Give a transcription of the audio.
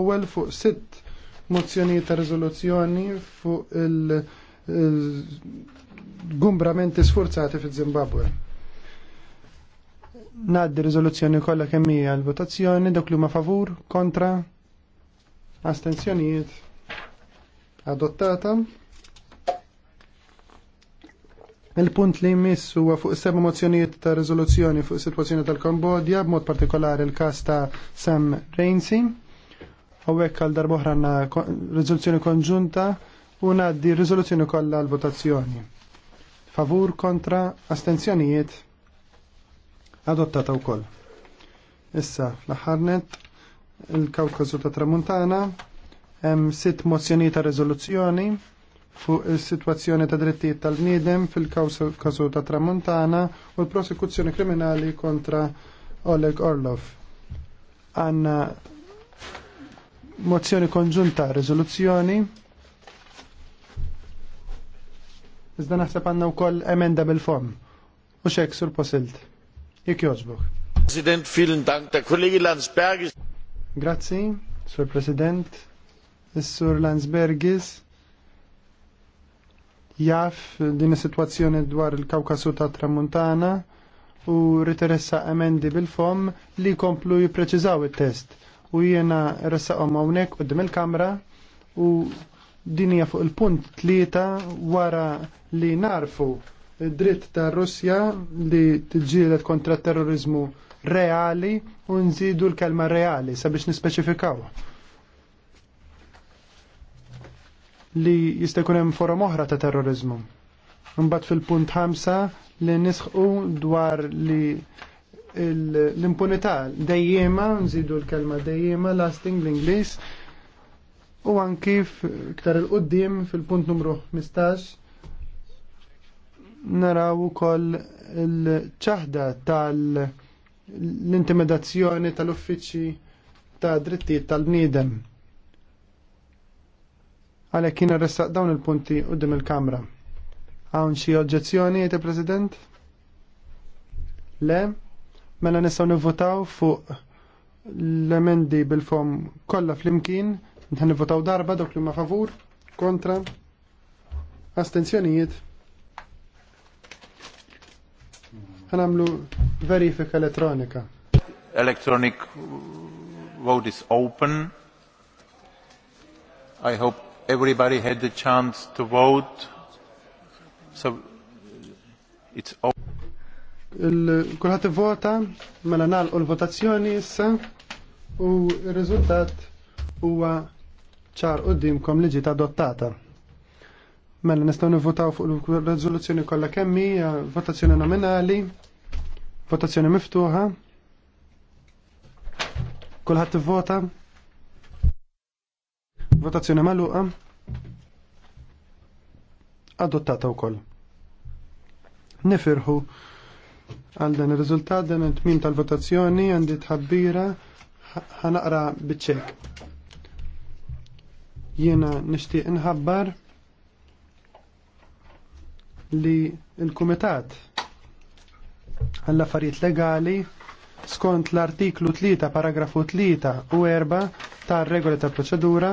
ewwel fuq sitt mozzjonijiet ta' riżoluzzjoni fuq il-gumbramenti sforzati fiż-Zimbabwe. Naddi riżoluzzjoni kollha kemm hija l-votazzjoni Dak li huma favur, kontra, astenzjonijiet adottata. Il-punt li jmiss huwa fuq seba' mozzjonijiet ta' riżoluzzjoni fuq is-sitwazzjoni tal-Kambodja, b'mod partikolari l-każ ta' Sam Rainsy. Għawek għal darbohra għanna rezoluzzjoni konġunta u naddi riżoluzzjoni kollha l-votazzjoni. Favur kontra astenzjonijiet adottata wkoll. Issa fl-aħħarnet il-Kawkażu ta' Tramuntana hemm sitt mozzjoni ta' rezoluzzjoni fuq is-sitwazzjoni ta' drittijiet tal-bniedem fil-kawsu ta' Tramuntana u l-prosekuzzjoni kriminali kontra Oleg Orlov. Għanna mozzjoni konġunta rezoluzzjoni. Iżda naħseb għandna wkoll emenda bil-fom. U xek sur posilt. Jek jożbuk. President, vielen Dank, der Kollege Landsbergis. Grazzi, sur President. sur Landsbergis jaf din is-sitwazzjoni dwar il-Kawkasu ta' Tramuntana u riteressa emendi bil-fom li komplu jipreċizaw il-test u jiena ressaqom hawnhekk u il-kamra u dinja fuq il-punt tlieta wara li narfu dritt ta' Russja li tġilet kontra terrorizmu reali u nżidu l-kelma reali sabiex nispeċifikaw. Li jista' jkun hemm forom oħra ta' terrorizmu. Mbagħad fil-punt ħamsa li nisħu dwar li l-impunità dejjema, nżidu l-kelma dejjema, lasting l-Inglis, u anki iktar il-qoddim fil-punt numru 15 naraw ukoll il-ċaħda tal-intimidazzjoni tal-uffiċċji ta' drittijiet tal-bniedem. Għalhekk kien arrestaq dawn il-punti qudiem il-Kamra. Għawn xi oġġezzjoni jgħid President? Le? Mela nistgħu nivvotaw fuq l-emendi bil-fom kollha flimkien, nħan nivvotaw darba dok li ma favur, kontra, astenzjonijiet. Ħanamlu verifika elettronika. Electronic vote is open. I hope everybody had the chance to vote. So it's open. Kulħat vota, mela nalqu l-votazzjoni issa u r-riżultat huwa ċar qudiemkom li ġiet adottata. Mela nistgħu nivvotaw fuq il-riżoluzzjoni kollha kemm hija votazzjoni nominali, votazzjoni miftuħa. Kulħadd ivvota. Votazzjoni magħluqa. Adottata wkoll. Nifirħu Għal dan ir-riżultat dan it-tmim tal-votazzjoni għandi tħabbira ħanaqra biċċek. Jiena nixtieq inħabbar li l-Kumitat għall-affarijiet legali skont l-artiklu 3 paragrafu 3 u 4 tar-regoli tal proċedura